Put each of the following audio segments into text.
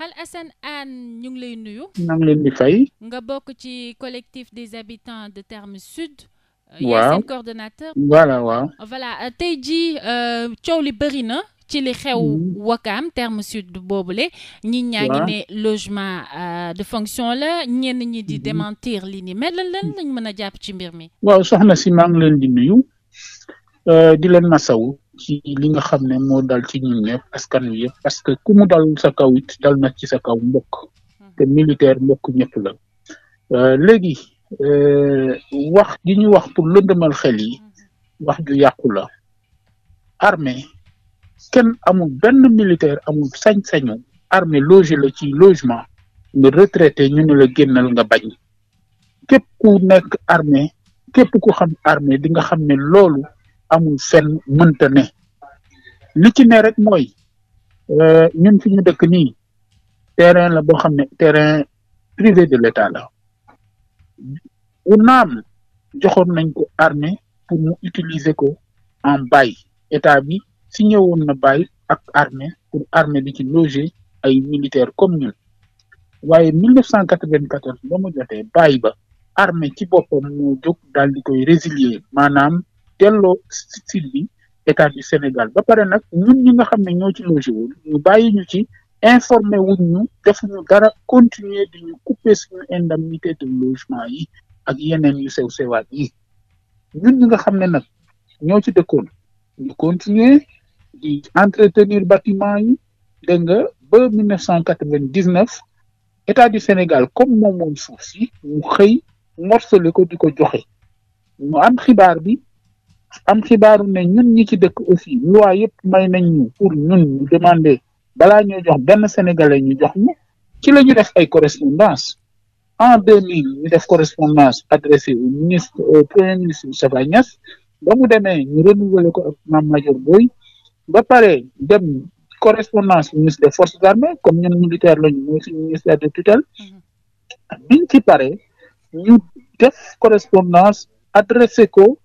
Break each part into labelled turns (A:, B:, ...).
A: Al Hassane Hanne ñu ngi lay nuyu. maa ngi leen di nga bokk ci collectif des habitants de Terme Sud. Euh, waaw yaa seen voilà voilà euh, tey jii euh, coow li bëri na. ci li xew mhm. Wakaam terme sud boobule ñi ñaa ngi ne logement de fonction la ñenn ñi di mhm. démentir li ni mel lan lañ mën a jàpp ci mbir mi
B: waaw soxna si maa leen di nuyu di leen masawu ci li nga xam ne moo dal ci ñun ñëpp askan wi yëpp parce que ku mu dal sa kaw it dal na ci sa kaw mbokk mm-hmm. te militaire mbokk ñëpp la euh, léegi euh, wax gi ñu wax pour lëndëmal xel yi mm-hmm. wax ju yàqu la armée kenn amul benn militaire amul sañ-sañu armée logé la ci logement nga retraité ñu ne la génnal nga bañ képp ku nekk armée képp ku xam armée di nga xam ne loolu amul fenn mënta ne li ci ne rek mooy euh, ñun fi ñu dëkk nii terrain la boo xam ne terrain privé de l'État la u naam joxoon nañ ko armée pour mu utiliser ko en bail état bi si ñëwoon na bail ak armée pour armée bi ci loger ay militaires comme ñun waaye 1994 ba mu jotee bail ba armée ci boppam moo jóg daal di koy résilier maanaam delloo style bi état du Sénégal ba pare nag ñun ñi nga xam ne ñoo ci logé woon ñu bàyyi ñu ci informé wuñ ñu defuñu dara continuer di ñu couper suñu indemnité de logement yi ak yeneen yu sew sewaat yi ñun ñi nga xam ne nag ñoo ci dëkkoon ñu continuer di entretenir bâtiment yi dégg nga ba mille neuf cent quatre-vingt-dix-neuf état du Sénégal comme moom moom suuf si mu xëy morcelé ko di ko joxe ñu am xibaar bi am xibaaru ne ñun ñi ci dëkk aussi loi yëpp may nañ pour ñun ñu demander balaa ñuy jox benn sénégalais ñu jox ñu ci la ñu def ay correspondance en deux mille ñu def correspondance adressée au ministre au premier ministre ba mu demee ñu renouveler ko ak Mame Madior ba pare dem correspondance ministre des forces armées comme ñun militaire lañu mooy suñu ministère de tutelle mhm. biñ ci pare ñu def correspondance adressé ko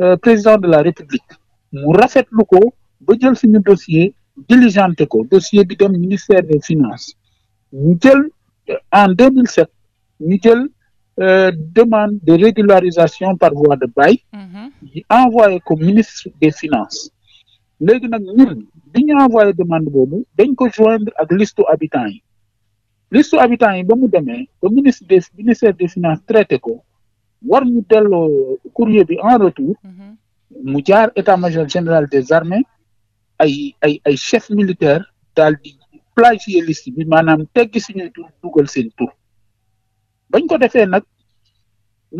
B: Euh, président de la république mu rafetlu ko ba jël suñu dossier diligenté ko dossier bi dem ministère des finance ñu jël euh, en 2007 ñu jël euh, demande de régularisation par voie de bail mm-hmm. ñu envoyé ko ministre des finances léegi nag ñun bi ñu envoyé demande boobu dañ ko joindre ak liste habitants yi liste habitants yi ba mu demee ba ministre des ministère des finances traité ko war ñu delloo courrier bi en retour mhm. mu jaar état-major général des armées ay ay ay chef militaire daal di plagier liste bi maanaam teggi suñuy tur dugal seen tur bañ ko defee nag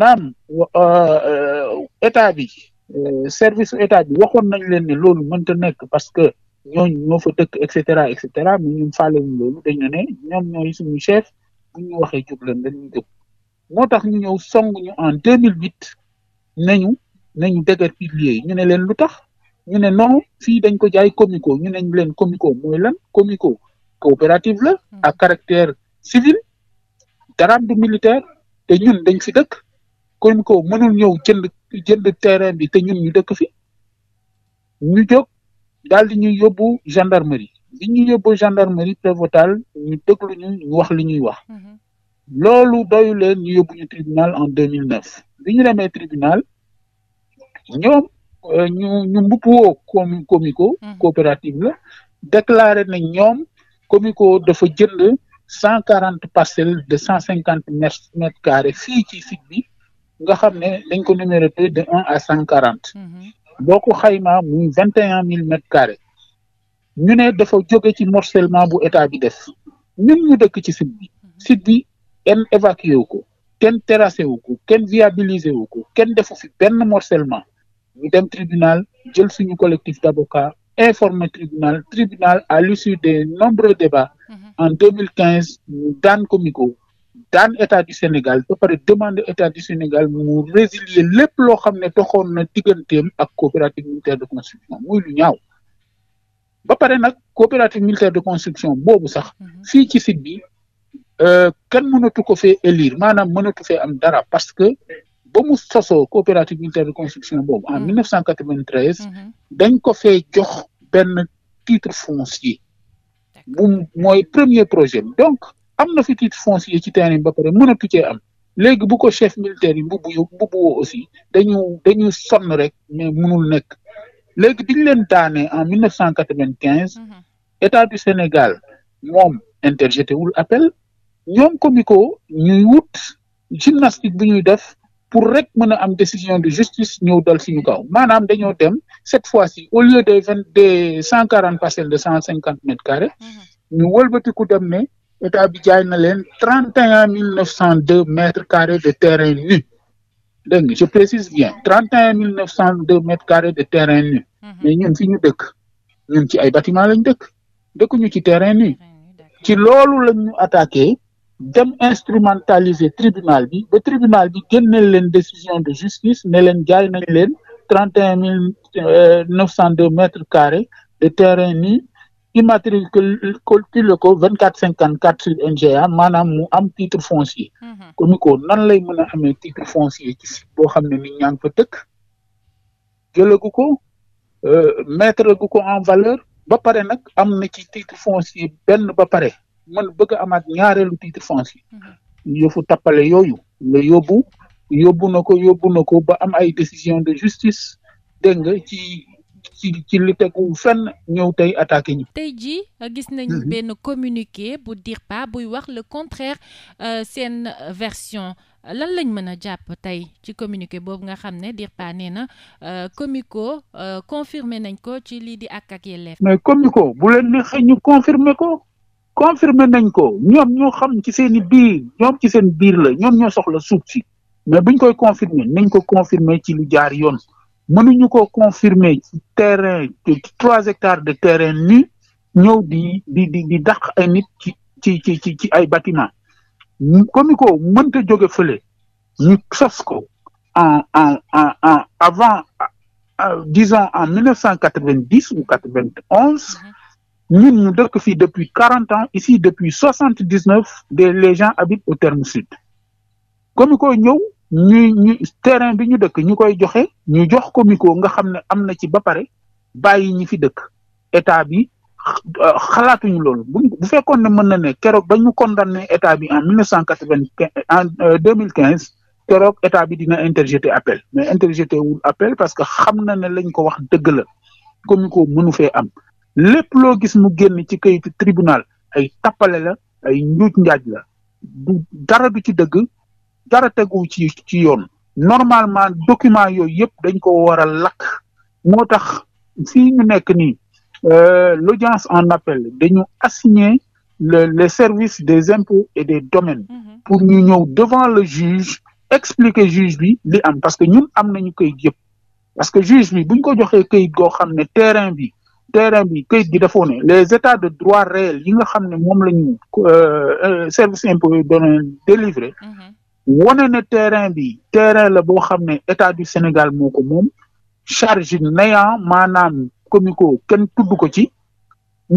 B: naam euh, euh, état bi euh, service état bi waxoon nañ leen ne loolu mënta nekk parce que ñooñu ñoo fa dëkk et cetera et cetera mais ñun faale ñu loolu dañu ne ñoom ñooy suñu chef bu ñu jub leen dañuy jóg moo tax ñu ñëw song ñu en deux mille huit nañu nañu dëgër pilier ñu ne leen lu tax ñu ne non fii dañ ko jaay comico ñu neñ leen comico mooy lan comico coopérative la hmm. à caractère civil daraam du militaire te ñun dañ fi dëkk comico mënul ñëw jënd jënd terrain bi te ñun ñu dëkk fi ñu jóg daal di ñuy yóbbu gendarmerie bi ñu yóbbu gendarmerie prévôtale ñu déglu ñu ñu wax li ñuy wax hmm. loolu doyu leen ñu yóbbu ñu tribunal en deux mille neuf ñu demee tribunal ñoom euh, ñu ñu mbubboo comi comico mhm. coopérative na ñoom comico dafa jënd cent quarante parcelles de cent cinquante mètres carrés fii ci site bi nga xam ne dañ ko numéroté de un à cent quarante mhm. boo ko xaymaa muy vingt et un mille mètres carrés ñu ne dafa jóge ci morcellement bu état bi def ñun ñu dëkk ci site kenn évacué wu ko kenn terrassé wu ko kenn viabilisé wu ko kenn defu fi benn morcellement ñu dem tribunal jël suñu collectif d'avocats informé tribunal tribunal à l'issue des nombreux débats mm -hmm. en deux mille quinze ñu daan comico daan état du Sénégal ba pare demande état du Sénégal mu résilier lépp loo xam ne doxoon na digganteem ak coopérative militaire de construction muy lu ñaaw ba pare nag coopérative militaire de construction boobu sax mhm. fii ci site Euh, kenn mënatu ko fe élire maanaam mënatu fee am dara parce que ba mu sosoo coopérative unitaire de construction boobu en 1993 mm-hmm. mm-hmm. dañ ko fe jox benn titre foncier bu mooy premier projet donc am na fi titre foncier ci terrain ba pare mënatu cee am léegi bu ko chef militaire yi mbubbu yu mbubbu woo aussi dañu dañu sonn rek mais mënul nekk léegi bi leen taane en 1995 mm-hmm. état du Sénégal moom interjeté wul appel. ñoom comico ñuy wut gymnastique bi ñuy def pour rek mën a am décision de justice ñëw dal suñu kaw maanaam dañoo dem cette fois-ci au lieu des vingt des cent quarante parcelles de cent cinquante mètres carrés mhm. ñu wëlbatiku dem ne état bi jaay na leen trente et un mille neuf cent deux mètres carrés de terrain nu dégg nga je précise bien trente et mille neuf cent deux mètres de terrain nu mhm. mais ñu fi ñu dëkk ñun ci ay bâtiment lañ dëkk dëkkuñu ci terrain nu ci loolu lañ ñu attaqué dem instrumentaliser tribunal bi ba tribunal bi génneel leen décision de justice ne leen jaay nañ leen trente et un mille euh, neuf cent deux mètres carrés de terrain ni immatriculé ko vingt quatre cinquante quatre sur NGA maanaam mu am titre foncier mm-hmm. ko ni ko nan lay mën a amee titre foncier ci site boo xam ne ni ñaa ngi fa dëkk jëlagu ko euh, mettre gu ko en valeur ba pare nag am na ci titre foncier benn ba pare man bëgg a ak ñaareelu titre foncier mhm. yëfu tappale yooyu la yóbbu yóbbu na ko yóbbu na ko ba am ay décision de justice dégg nga ci ci ci li tegu fenn ñëw tey attaqué
A: tey jii euh, gis nañ mhm. benn communiqué bu DIRPA buy wax le contraire euh, seen version lan lañ mën a jàpp tey ci communiqué boobu nga xam ne DIRPA nee na euh, Comico confirmé nañ ko ci lii di ak ak yelleef.
B: mais Comico bu leen neexee ñu confirmé ko. confirmer nañ ko ñoom ñoo xam ci seen i biir ñoom ci seen biir la ñoom ñoo soxla suuf si mais biñ koy confirmer nañ ko confirmer ci lu jaar yoon ñu ko confirmer ci terrain trois hectares de terrain ni ñëw di di di di dàq ay nit ci ci ci ci ci ay bâtiment comme ko mënta jóge fële ñu sos ko en en en en avant disons en mille neuf cent quatre-vingt-dix ou quatre-vingt-onze mhm. ñun ñu dëkk fii depuis quarante ans ici depuis soixante dix neuf des les gens habitent au terme sud comico ñëw ñuy ñu terrain bi ñu dëkk ñu koy joxe ñu jox comico nga xam ne am na ci ba pare bàyyi ñi fi dëkk état bi euh, xalaatuñu loolu bu bu fekkoon ne mën na ne keroog ba ñu condamné état bi en mille neuf cent quatre vingt en euh, deux mille quinze keroog état bi dina interjeté appel mais interjeté wul appel parce que xam na ne lañ ko wax dëgg la comico fe fee am lépp loo gis mu génn ci kayitu tribunal ay tappale la ay njuuj njaat la dara du ci dëgg dara tegu ci ci yoon normalement document yooyu yëpp dañ ko war lakk moo tax fii ñu nekk nii euh, l'audience en appel dañu assigner le les service des impôts et des domaines mhm. pour ñu ñëw devant le juge expliquer juge bi li am parce que ñun am nañu kayit yëpp parce que juge bi buñ ko joxee kayit goo xam ne terrain bi terrain bi këyit gi dafoo ne les états de droit réel yi nga xam ne moom la ñu euh, euh, service impôt doon délivré mhm. wane ne terrain bi terrain la boo xam ne état du Sénégal moo ko moom charge néant maanaam comico kenn tudd ko ci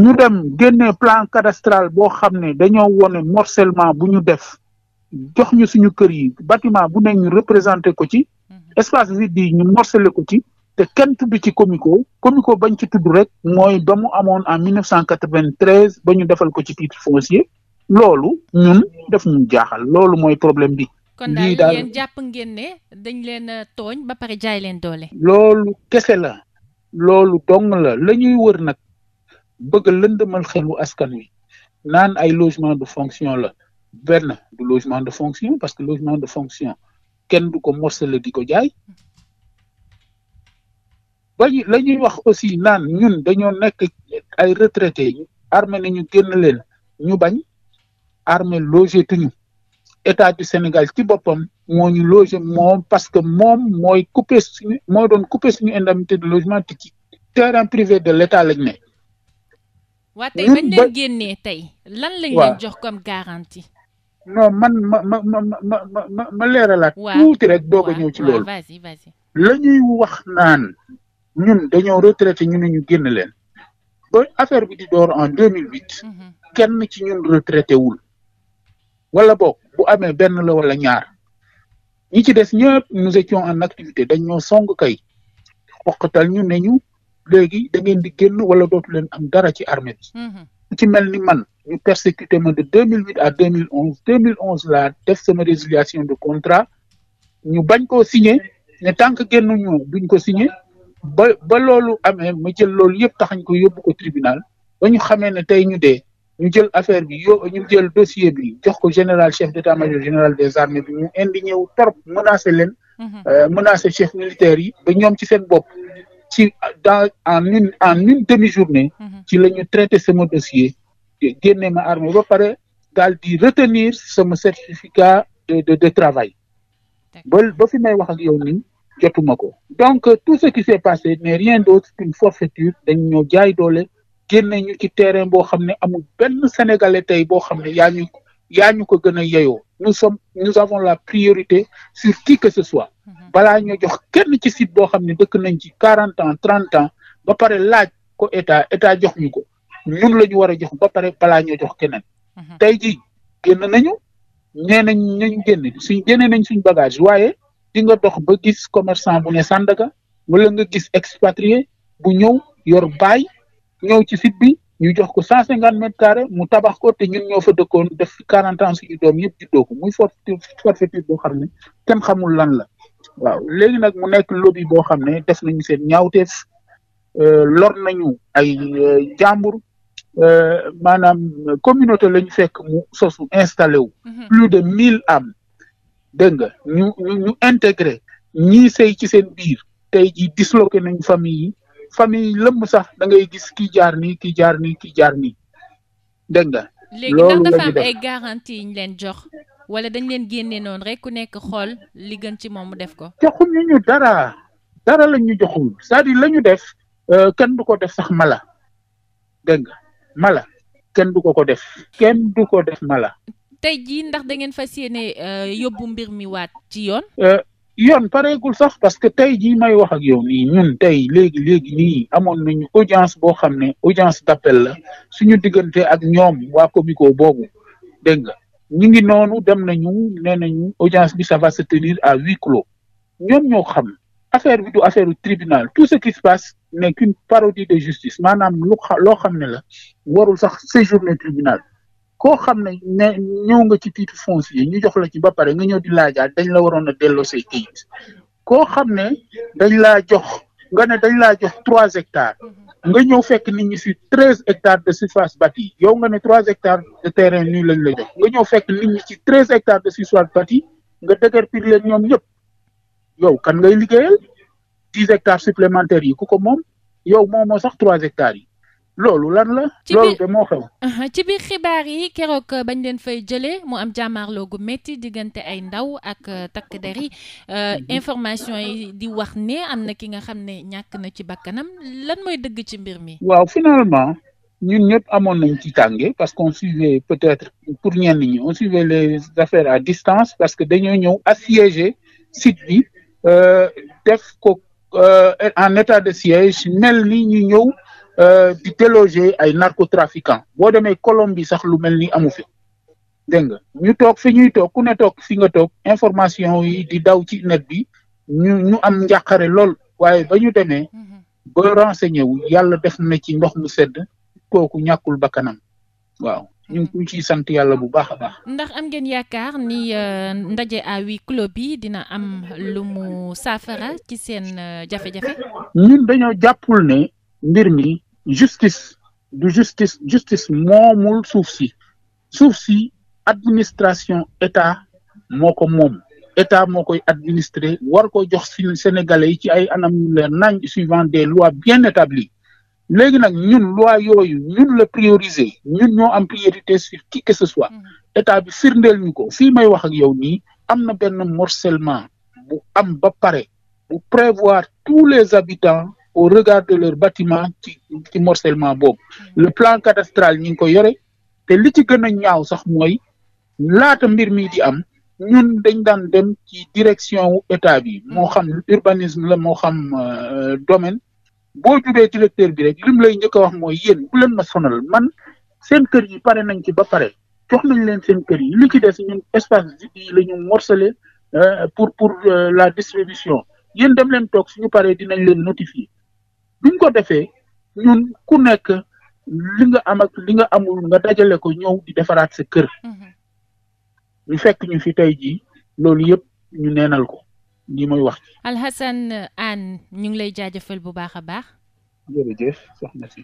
B: ñu dem génne plan cadastral boo xam ne dañoo wone morcellement bu ñu def jox ñu suñu kër yi bâtiment bu ne ñu représenté ko ci mhm. espace vide ñu morcelé ko ci te kenn tudd ci comico comico bañ ci tudd rek mooy ba mu amoon en 1993 ba ñu defal ko ci titre foncier loolu ñun def ñu jaaxal loolu mooy problème bi. kon daal yéen
A: jàpp ngeen ne dañ leen tooñ ba pare jaay leen doole.
B: loolu kese la loolu dong la la ñuy wër nag bëgg lëndëmal xelu askan wi naan ay logement de fonction la benn du logement de fonction parce que logement de fonction kenn du ko morcelé di ko jaay bañu la wax aussi naan ñun dañoo nekk ay retraité yi armée ñu génn leen ñu bañ armée logé tuñu état du Sénégal ci boppam moo ñu logé moom parce que moom mooy coupé suñu moo doon coupé suñu indemnité de logement te ci terrain privé de l'état lañ ne
A: waa tey bañ tey lan lañ leen jox comme garantie
B: non man ma ma ma ma ma ma leeralaat tuuti rek doog a ñëw ci loolu la wax naan ñun dañoo retraité ñu ne ñu génn leen ba affaire bi di door en deux mille huit mhm. kenn ci ñun retraité wul wala boog bu amee benn la wala ñaar ñi ci des ñëpp nous étions en activité ñoo song kay xoqatal ñun ne ñu léegi da ngeen di génn wala dootu leen am dara ci armée bi mhm. ku ci mel ni man ñu persécuté ma de deux mille huit à deux mille onze deux mille onze laa def sama résiliation de contrat ñu bañ koo signé ne tant que génn ñu buñ ko signé ba ba loolu amee mu jël loolu yëpp taxañ ko yóbbu ko tribunal ba ñu xamee ne tey ñu dee ñu jël affaire bi yo ñu jël dossier bi jox ko général chef d'état-major général des armées bi ñu indi ñëw torop menacé leen. Mhm. Euh, menacé chef militaire yi ba ñoom ci seen bopp. ci dans en une en une demi-journée. Mhm. ci la ñu traité sama dossier. génne ma armée ba pare daal di retenir sama certificat de de de ba ba fi may wax ak yow nii. jotuma ko donc tout ce qui s'est passé n'est rien d'autre qu'une forfaiture dañ ñoo doole génne ñu ci terrain boo xam ne amul benn sénégalais tey boo xam ne yaa ñu ñu ko gën a yeyoo nous sommes nous avons la priorité sur qui que ce soit mhm. balaa ñoo jox kenn ci boo xam ne dëkk nañ ci quarante ans trente ans ba pare laaj ko état état jox ñu ko ñun la ñu war jox ba pare balaa ñoo jox keneen mhm. tey ji génn nañu nee nañ nañ génn suñ génne nañ suñ bagage waaye di nga dox ba gis commerçant bu ne Sandaga wala nga gis expatrié bu ñëw yor baay ñëw ci site ñu jox ko cent cinquante mètres carrés mu tabax ko te ñun ñoo fa dëkkoon def quarante ans suñu doom yëpp juddoo ko muy forfaiture forfaiture boo xam ne kenn xamul lan la waaw léegi nag mu nekk lobby boo xam ne def nañu seen ñaawteef euh, lor nañu ay euh, jàmbur euh, maanaam communauté la ñu fekk mu sosu installé wu. Mhm. plus de mille âmes. dégg nga ñu ñu ñu intégré ñii sëy ci seen biir tey jii disloqué nañ famille yi famille yi lëmb sax dangay gis kii jaar nii kii jaar nii kii jaar nii dégg nga. loolu la léegi ndax dafa
A: am ñu leen jox wala dañ leen génnee noonu rek ku nekk xool li gën ci moom mu def
B: ko. joxuñ ñu dara dara lañ ñu joxul cest à la ñu def euh, kenn du ko def sax mala dégg mala kenn du ko ko def kenn du ko def mala.
A: tey jii ndax da ngeen fas yéene euh, yóbbu mbir mi waat ci yoon.
B: Euh, yoon pareegul sax parce que tey jii may wax ak yow nii ñun tey léegi léegi nii amoon nañu audience boo xam ne audience d'appel la suñu diggante ak ñoom waa comico boobu dégg nga ñu ngi noonu dem nañu nee nañu audience bi ça va se tenir à huis clos ñoom ñoo xam affaire bi du affaire du tribunal tout ce qui se passe n'est qu'une parodie de justice maanaam loo xam ne la warul sax séjourner tribunal. ko xam ne ne nga ci titre yi ñu jox la ci ba pare nga ñëw di laajaat dañ la waroon a delloo say kayit koo xam ne dañ laa jox nga ne dañ laa jox trois hectares mhm. nga ñëw fekk nit ñi si treize hectares de surface bâtie yow nga ne trois hectares de terrain nii lañ la jox nga ñëw fekk nit ci treize hectares de surface bâtie nga dëgër pir leen ñoom ñëpp yow kan ngay liggéeyal dix hectares supplémentaires yi ku ko moom yow moomoo sax trois hectares yi loolu lan la. loolu de moo xew.
A: ci biir xibaar yi keroog bañ leen fay jëlee mu am jàmmaarloo gu métti diggante ay ndaw ak euh, takk der yi euh, mhm. information yi di wax ne am na ki nga xam ne ñàkk na ci bakkanam lan mooy dëgg ci mbir
B: mi. waaw finalement ñun ñëpp amoon nañ ci tànge parce qu'on suivait peut-être pour ñenn ñi on suivait les affaires à distance parce que dañoo ñëw assiéger site bi euh, def ko en état de siège mel ni ñu ñëw. Euh, di déloger ay narcotrafiquants boo demee Colombie sax lu mel ni amu fi dégg nga ñu toog fi ñuy toog ku ne toog fi nga toog information yi di daw ci net bi ñu am njàqare lool waaye ba ñu demee mhm. ba renseigné wu yàlla def na ci ndox mu sedd kooku ñàkkul bakkanam waaw ñu ngi ciy sant yàlla bu baax a baax.
A: ndax am ngeen yaakaar ni euh, ndaje à huis clos bi dina am lu mu saafara ci seen euh, jafe-jafe.
B: ñun dañoo jàppul ne mbir mi justice du justice justice moomul suuf si suuf si administration état moo ko moom état moo koy administré war ko jox si sénégalais yi ci ay anam yu leer nañ suivant des lois bien établies léegi nag ñun loi yooyu ñun la prioriser ñun ñoo am priorité sur qui que ce soit mm-hmm. état bi firndeel ñu ko fii may wax ak yow nii am na benn morcellement bu am ba pare bu prévoir tous les habitants au regard de leur bâtiment ci ci morcellement boobu mm. le plan cadastral ñu ngi ko yore te li ci gën a ñaaw sax mooy laata mbir mi di am ñun dañ daan dem ci direction wu état bi mm. moo xam urbanisme la moo xam euh, domaine boo jubee ci lecteur bi rek lim lay njëkk wax mooy yéen bu leen ma sonal man seen kër yi pare nañ ci ba pare jox nañ leen seen kër yi li ci des ñun espace yi la ñu euh, pour pour euh, la distribution yéen dem leen toog suñu paree dinañ leen notifier buñ ko defee ñun ku nekk li nga am ak li nga amul nga dajale ko ñëw di defaraat sa kër mhm. ñu fekk ñu fi tey jii loolu yëpp ñu neenal ko lii mooy wax ci
A: Alhassane ñu ngi lay jaajëfal bu baax a baax
B: jërëjëf si